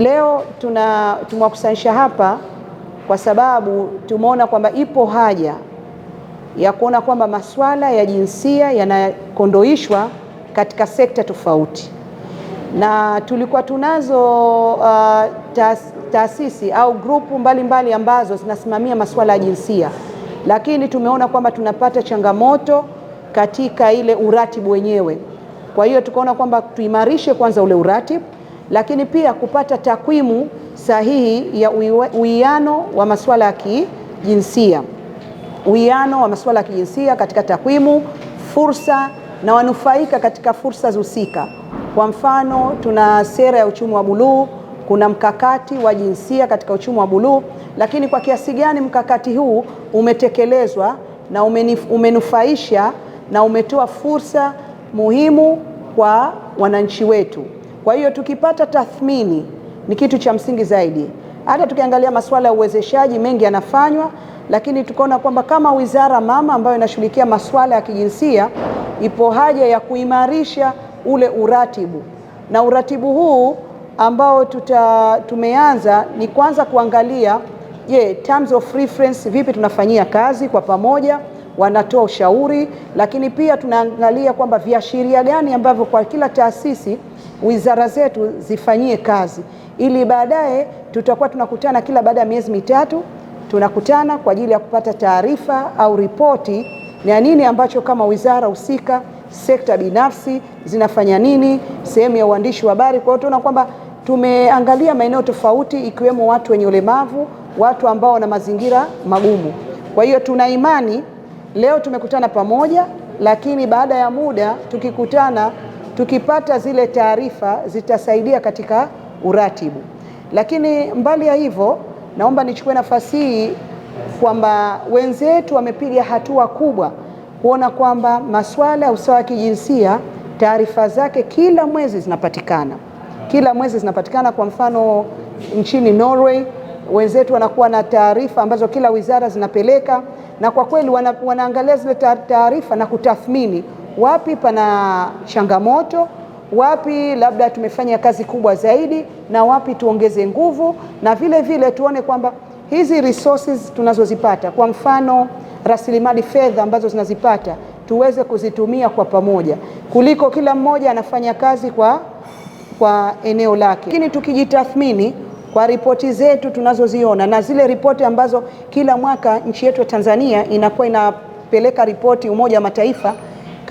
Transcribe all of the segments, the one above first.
Leo tuna tumewakusanyisha hapa kwa sababu tumeona kwamba ipo haja ya kuona kwamba masuala ya jinsia yanakondoishwa katika sekta tofauti, na tulikuwa tunazo uh, taasisi au grupu mbalimbali mbali ambazo zinasimamia masuala ya jinsia, lakini tumeona kwamba tunapata changamoto katika ile uratibu wenyewe. Kwa hiyo tukaona kwamba tuimarishe kwanza ule uratibu lakini pia kupata takwimu sahihi ya uwiano wa masuala ya kijinsia, uwiano wa masuala ya kijinsia katika takwimu, fursa na wanufaika katika fursa husika. Kwa mfano, tuna sera ya uchumi wa buluu, kuna mkakati wa jinsia katika uchumi wa buluu, lakini kwa kiasi gani mkakati huu umetekelezwa na umenufaisha na umetoa fursa muhimu kwa wananchi wetu. Kwa hiyo tukipata tathmini ni kitu cha msingi zaidi. Hata tukiangalia masuala ya uwezeshaji mengi yanafanywa, lakini tukaona kwamba kama wizara mama ambayo inashughulikia masuala ya kijinsia, ipo haja ya kuimarisha ule uratibu, na uratibu huu ambao tuta tumeanza ni kwanza kuangalia je, terms of reference vipi tunafanyia kazi kwa pamoja, wanatoa ushauri, lakini pia tunaangalia kwamba viashiria gani ambavyo kwa kila taasisi wizara zetu zifanyie kazi, ili baadaye tutakuwa tunakutana kila baada ya miezi mitatu, tunakutana kwa ajili ya kupata taarifa au ripoti na nini ambacho kama wizara husika, sekta binafsi zinafanya nini, sehemu ya uandishi wa habari. Kwa hiyo tunaona kwamba tumeangalia maeneo tofauti, ikiwemo watu wenye ulemavu, watu ambao wana mazingira magumu. Kwa hiyo tuna imani leo tumekutana pamoja, lakini baada ya muda tukikutana tukipata zile taarifa zitasaidia katika uratibu. Lakini mbali ya hivyo, naomba nichukue nafasi hii kwamba wenzetu wamepiga hatua kubwa kuona kwamba masuala ya usawa wa kijinsia taarifa zake kila mwezi zinapatikana, kila mwezi zinapatikana. Kwa mfano nchini Norway wenzetu wanakuwa na taarifa ambazo kila wizara zinapeleka, na kwa kweli wana, wanaangalia zile taarifa na kutathmini wapi pana changamoto, wapi labda tumefanya kazi kubwa zaidi, na wapi tuongeze nguvu, na vile vile tuone kwamba hizi resources tunazozipata, kwa mfano rasilimali fedha ambazo zinazipata tuweze kuzitumia kwa pamoja kuliko kila mmoja anafanya kazi kwa, kwa eneo lake. Lakini tukijitathmini kwa ripoti zetu tunazoziona na zile ripoti ambazo kila mwaka nchi yetu ya Tanzania inakuwa inapeleka ripoti Umoja wa Mataifa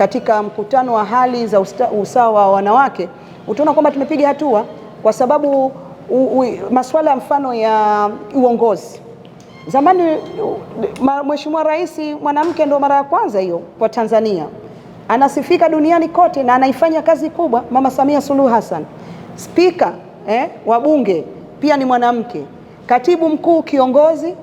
katika mkutano wa hali za usawa wa wanawake, utaona kwamba tumepiga hatua kwa sababu u, u, masuala mfano ya uongozi zamani, Mheshimiwa Rais mwanamke ndo mara ya kwanza hiyo kwa Tanzania, anasifika duniani kote na anaifanya kazi kubwa Mama Samia Suluhu Hassan. Spika eh, wa bunge pia ni mwanamke, katibu mkuu kiongozi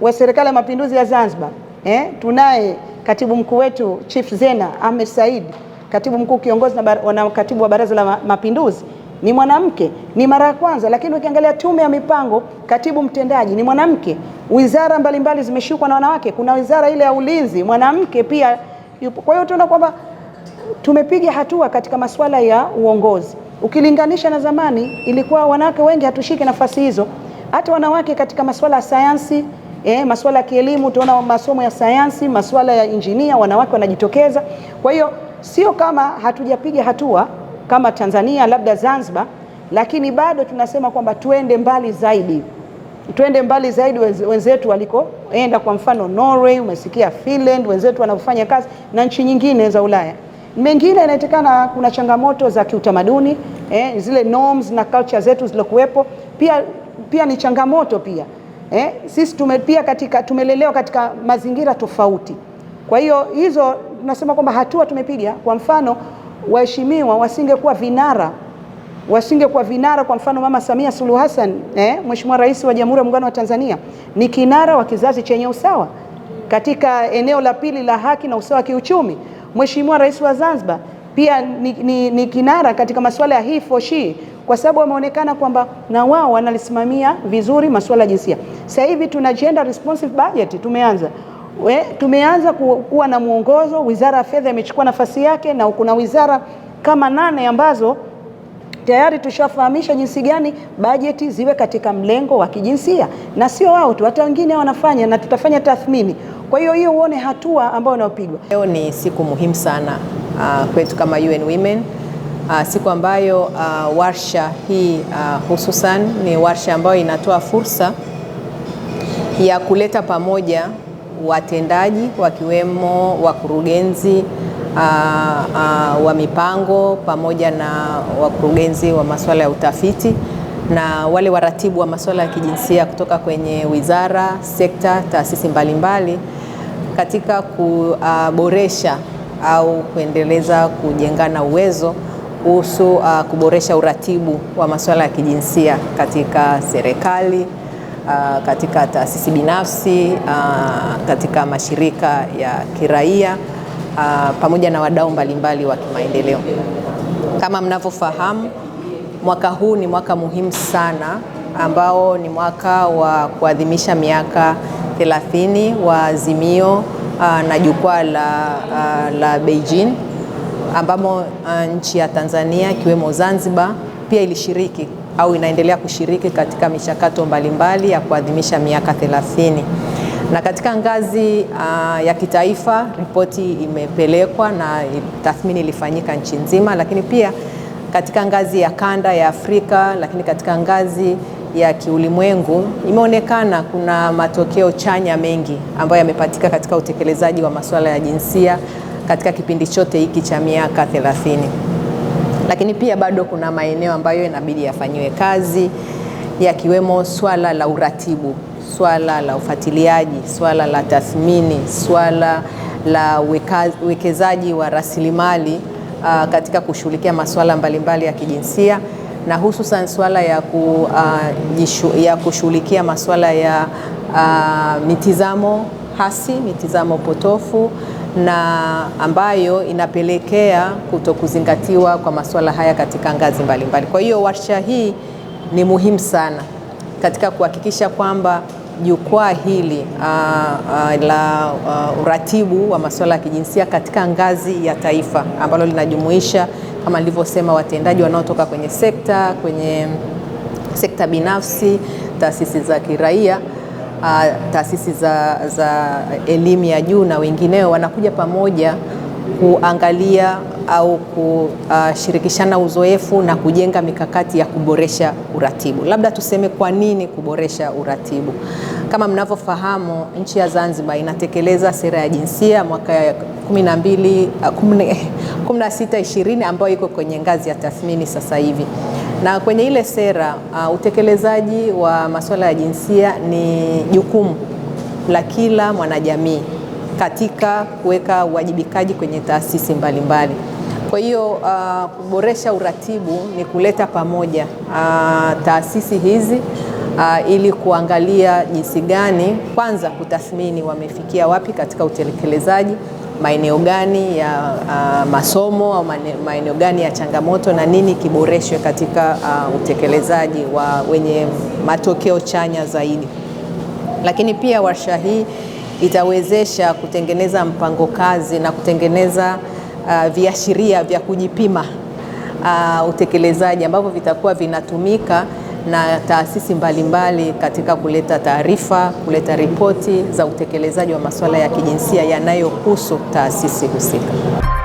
wa Serikali ya Mapinduzi ya Zanzibar eh, tunaye katibu mkuu wetu Chief Zena Ahmed Said, katibu mkuu kiongozi na wana katibu wa Baraza la Mapinduzi ni mwanamke, ni mara ya kwanza. Lakini ukiangalia tume ya mipango, katibu mtendaji ni mwanamke. Wizara mbalimbali zimeshukwa na wanawake, kuna wizara ile ya ulinzi mwanamke pia yupo. Kwa hiyo tunaona kwamba tumepiga hatua katika masuala ya uongozi. Ukilinganisha na zamani, ilikuwa wanawake wengi hatushiki nafasi hizo. Hata wanawake katika masuala ya sayansi eh, masuala ya kielimu, tunaona masomo ya sayansi, masuala ya injinia, wanawake wanajitokeza. Kwa hiyo sio kama hatujapiga hatua kama Tanzania, labda Zanzibar, lakini bado tunasema kwamba tuende mbali zaidi, tuende mbali zaidi wenzetu walikoenda. Eh, kwa mfano Norway, umesikia Finland, wenzetu wanaofanya kazi na nchi nyingine za Ulaya. Mengine inatekana kuna changamoto za kiutamaduni eh, zile norms na culture zetu zilokuwepo pia, pia ni changamoto pia eh, sisi tume pia katika tumelelewa katika mazingira tofauti. Kwa hiyo hizo tunasema kwamba hatua tumepiga. Kwa mfano, waheshimiwa wasingekuwa vinara wasingekuwa vinara. Kwa mfano, Mama Samia Suluhu Hassan eh, Mheshimiwa Rais wa Jamhuri ya Muungano wa Tanzania ni kinara wa kizazi chenye usawa katika eneo la pili la haki na usawa wa kiuchumi. Mheshimiwa Rais wa Zanzibar pia ni, ni, ni kinara katika masuala ya he for she kwa sababu wameonekana kwamba na wao wanalisimamia vizuri masuala ya jinsia. Sasa hivi tuna gender responsive budget tumeanza We, tumeanza kuwa na mwongozo. Wizara ya Fedha imechukua nafasi yake, na kuna wizara kama nane ambazo tayari tushafahamisha jinsi gani bajeti ziwe katika mlengo wa kijinsia, na sio wao tu, hata wengine wanafanya, na tutafanya tathmini. Kwa hiyo hiyo uone hatua ambayo inayopigwa. Leo ni siku muhimu sana uh, kwetu kama UN Women uh, siku ambayo uh, warsha hii uh, hususan ni warsha ambayo inatoa fursa ya kuleta pamoja watendaji wakiwemo wakurugenzi uh, uh, wa mipango pamoja na wakurugenzi wa masuala ya utafiti na wale waratibu wa masuala ya kijinsia kutoka kwenye wizara, sekta, taasisi mbalimbali katika kuboresha au kuendeleza kujengana uwezo kuhusu uh, kuboresha uratibu wa masuala ya kijinsia katika serikali uh, katika taasisi binafsi uh, katika mashirika ya kiraia uh, pamoja na wadau mbalimbali wa kimaendeleo. Kama mnavyofahamu, mwaka huu ni mwaka muhimu sana ambao ni mwaka wa kuadhimisha miaka 30 wa azimio uh, na jukwaa la, uh, la Beijing ambamo uh, nchi ya Tanzania ikiwemo Zanzibar pia ilishiriki au inaendelea kushiriki katika michakato mbalimbali ya kuadhimisha miaka 30. Na katika ngazi uh, ya kitaifa ripoti imepelekwa na tathmini ilifanyika nchi nzima, lakini pia katika ngazi ya kanda ya Afrika, lakini katika ngazi ya kiulimwengu imeonekana kuna matokeo chanya mengi ambayo yamepatika katika utekelezaji wa masuala ya jinsia katika kipindi chote hiki cha miaka 30. Lakini pia bado kuna maeneo ambayo inabidi yafanyiwe kazi yakiwemo swala la uratibu, swala la ufuatiliaji, swala la tathmini, swala la uwekezaji wa rasilimali uh, katika kushughulikia masuala mbalimbali ya kijinsia na hususan swala ya, ku, uh, ya kushughulikia masuala ya uh, mitizamo hasi, mitizamo potofu na ambayo inapelekea kutokuzingatiwa kwa masuala haya katika ngazi mbalimbali Kwa hiyo warsha hii ni muhimu sana katika kuhakikisha kwamba jukwaa hili uh, uh, la uh, uratibu wa masuala ya kijinsia katika ngazi ya taifa ambalo linajumuisha kama nilivyosema, watendaji wanaotoka kwenye sekta kwenye sekta binafsi, taasisi za kiraia uh, taasisi za, za elimu ya juu na wengineo wanakuja pamoja kuangalia au kushirikishana uzoefu na kujenga mikakati ya kuboresha uratibu. Labda tuseme kwa nini kuboresha uratibu. Kama mnavyofahamu, nchi ya Zanzibar inatekeleza sera ya jinsia mwaka 12 16 20 ambayo iko kwenye ngazi ya tathmini sasa hivi na kwenye ile sera uh, utekelezaji wa masuala ya jinsia ni jukumu la kila mwanajamii katika kuweka uwajibikaji kwenye taasisi mbalimbali. Kwa hiyo uh, kuboresha uratibu ni kuleta pamoja uh, taasisi hizi uh, ili kuangalia jinsi gani kwanza kutathmini wamefikia wapi katika utekelezaji maeneo gani ya uh, masomo au maeneo gani ya changamoto na nini kiboreshwe katika uh, utekelezaji wa wenye matokeo chanya zaidi. Lakini pia warsha hii itawezesha kutengeneza mpango kazi na kutengeneza uh, viashiria vya kujipima uh, utekelezaji ambavyo vitakuwa vinatumika na taasisi mbalimbali mbali katika kuleta taarifa, kuleta ripoti za utekelezaji wa masuala ya kijinsia yanayohusu taasisi husika.